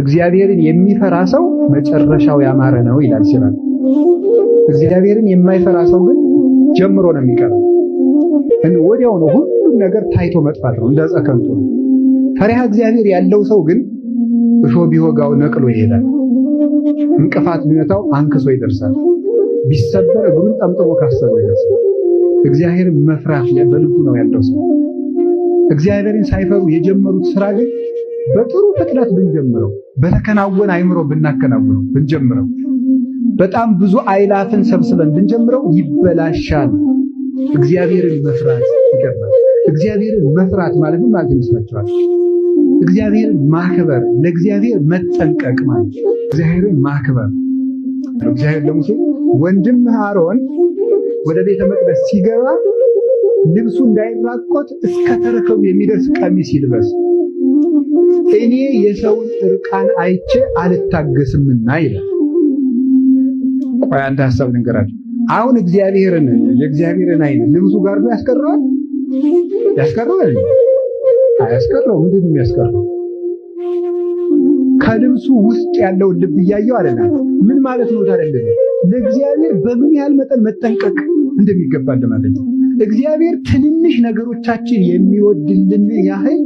እግዚአብሔርን የሚፈራ ሰው መጨረሻው ያማረ ነው ይላል ሲራክ። እግዚአብሔርን የማይፈራ ሰው ግን ጀምሮ ነው የሚቀረው። ወዲያው ነው ሁሉም ነገር ታይቶ መጥፋት ነው፣ እንደ ዕፀ ከንቱ። ፈሪሃ እግዚአብሔር ያለው ሰው ግን እሾህ ቢወጋው ነቅሎ ይሄዳል፣ እንቅፋት ቢመታው አንክሶ ይደርሳል፣ ቢሰበር እግሩን ጠምጥሞ ካሰበ ይደርሳል። እግዚአብሔርን መፍራት በልቡ ነው ያለው ሰው። እግዚአብሔርን ሳይፈሩ የጀመሩት ስራ ግን በጥሩ ፍጥነት ብንጀምረው፣ በተከናወነ አይምሮ ብናከናውነው ብንጀምረው፣ በጣም ብዙ አይላፍን ሰብስበን ብንጀምረው ይበላሻል። እግዚአብሔርን መፍራት ይገባል። እግዚአብሔርን መፍራት ማለት ምን ማለት ይመስላችኋል? እግዚአብሔርን ማክበር፣ ለእግዚአብሔር መጠንቀቅ ማለት እግዚአብሔርን ማክበር። እግዚአብሔር ለሙሴ ወንድምህ አሮን ወደ ቤተ መቅደስ ሲገባ ልብሱ እንዳይራቆት እስከ ተረከዙ የሚደርስ ቀሚስ ይልበስ እኔ የሰውን እርቃን አይቼ አልታገስምና ይላል። ቆይ አንድ ሀሳብ ልንገራችሁ። አሁን እግዚአብሔርን የእግዚአብሔርን አይን ልብሱ ጋር ነው ያስቀረዋል? ያስቀረዋል? አያስቀረው። ምንድን ነው የሚያስቀረው? ከልብሱ ውስጥ ያለውን ልብ እያየው አለና ምን ማለት ነው ታዲያ? ለእግዚአብሔር በምን ያህል መጠን መጠንቀቅ እንደሚገባ ለማለት ነው። እግዚአብሔር ትንንሽ ነገሮቻችን የሚወድልን ያህል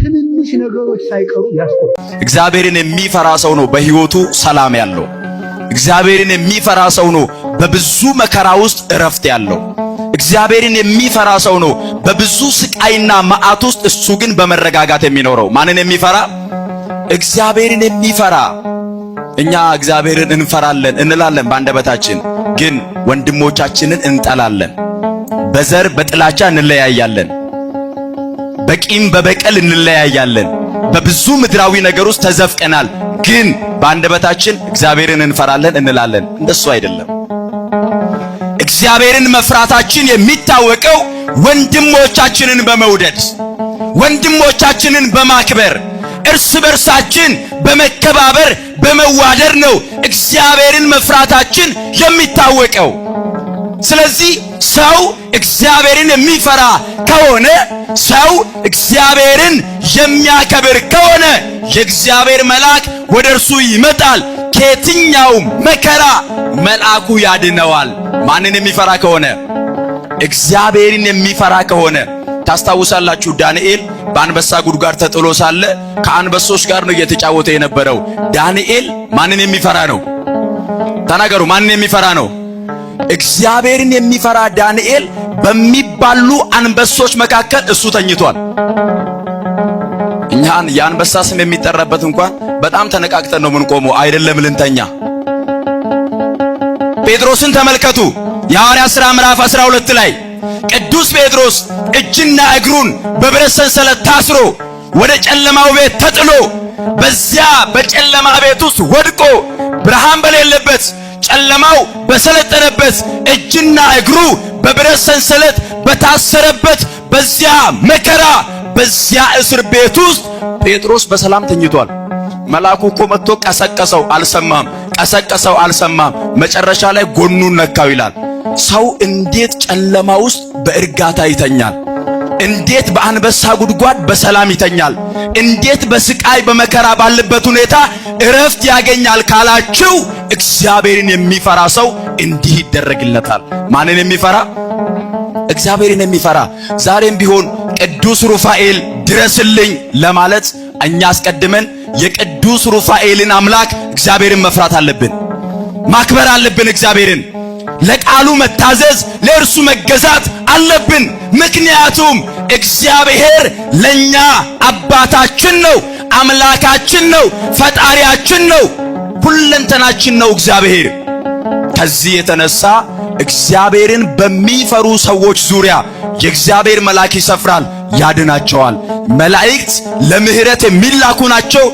ትንንሽ ነገሮች ሳይቀሩ ያስቆ እግዚአብሔርን የሚፈራ ሰው ነው በህይወቱ ሰላም ያለው። እግዚአብሔርን የሚፈራ ሰው ነው በብዙ መከራ ውስጥ እረፍት ያለው። እግዚአብሔርን የሚፈራ ሰው ነው በብዙ ስቃይና መዓት ውስጥ እሱ ግን በመረጋጋት የሚኖረው። ማንን የሚፈራ? እግዚአብሔርን የሚፈራ እኛ እግዚአብሔርን እንፈራለን እንላለን በአንደበታችን፣ ግን ወንድሞቻችንን እንጠላለን። በዘር በጥላቻ እንለያያለን። በቂም በበቀል እንለያያለን። በብዙ ምድራዊ ነገር ውስጥ ተዘፍቀናል። ግን በአንደበታችን እግዚአብሔርን እንፈራለን እንላለን። እንደሱ አይደለም። እግዚአብሔርን መፍራታችን የሚታወቀው ወንድሞቻችንን በመውደድ ወንድሞቻችንን በማክበር እርስ በርሳችን በመከባበር በመዋደር ነው እግዚአብሔርን መፍራታችን የሚታወቀው። ስለዚህ ሰው እግዚአብሔርን የሚፈራ ከሆነ ሰው እግዚአብሔርን የሚያከብር ከሆነ የእግዚአብሔር መልአክ ወደ እርሱ ይመጣል፣ ከየትኛው መከራ መልአኩ ያድነዋል። ማንን የሚፈራ ከሆነ? እግዚአብሔርን የሚፈራ ከሆነ ታስታውሳላችሁ። ዳንኤል በአንበሳ ጉድጓድ ተጥሎ ሳለ ከአንበሶች ጋር ነው እየተጫወተ የነበረው። ዳንኤል ማንን የሚፈራ ነው? ተናገሩ። ማንን የሚፈራ ነው? እግዚአብሔርን የሚፈራ ዳንኤል በሚባሉ አንበሶች መካከል እሱ ተኝቷል። እኛን የአንበሳ ስም የሚጠራበት እንኳን በጣም ተነቃቅተን ነው የምንቆመው፣ አይደለም ልንተኛ። ጴጥሮስን ተመልከቱ። የሐዋርያት ሥራ ምዕራፍ 12 ላይ ቅዱስ ጴጥሮስ እጅና እግሩን በብረት ሰንሰለት ታስሮ ወደ ጨለማው ቤት ተጥሎ በዚያ በጨለማ ቤት ውስጥ ወድቆ ብርሃን በሌለበት ጨለማው በሰለጠነበት እጅና እግሩ በብረት ሰንሰለት በታሰረበት በዚያ መከራ በዚያ እስር ቤት ውስጥ ጴጥሮስ በሰላም ተኝቷል። መልአኩ እኮ መጥቶ ቀሰቀሰው፣ አልሰማም። ቀሰቀሰው፣ አልሰማም። መጨረሻ ላይ ጎኑን ነካው ይላል። ሰው እንዴት ጨለማ ውስጥ በእርጋታ ይተኛል? እንዴት በአንበሳ ጉድጓድ በሰላም ይተኛል? እንዴት በስቃይ በመከራ ባለበት ሁኔታ እረፍት ያገኛል ካላችሁ እግዚአብሔርን የሚፈራ ሰው እንዲህ ይደረግለታል። ማንን የሚፈራ? እግዚአብሔርን የሚፈራ። ዛሬም ቢሆን ቅዱስ ሩፋኤል ድረስልኝ ለማለት እኛ አስቀድመን የቅዱስ ሩፋኤልን አምላክ እግዚአብሔርን መፍራት አለብን፣ ማክበር አለብን እግዚአብሔርን ለቃሉ መታዘዝ፣ ለእርሱ መገዛት አለብን። ምክንያቱም እግዚአብሔር ለኛ አባታችን ነው፣ አምላካችን ነው፣ ፈጣሪያችን ነው፣ ሁለንተናችን ነው እግዚአብሔር። ከዚህ የተነሳ እግዚአብሔርን በሚፈሩ ሰዎች ዙሪያ የእግዚአብሔር መልአክ ይሰፍራል፣ ያድናቸዋል። መላእክት ለምህረት የሚላኩ ናቸው።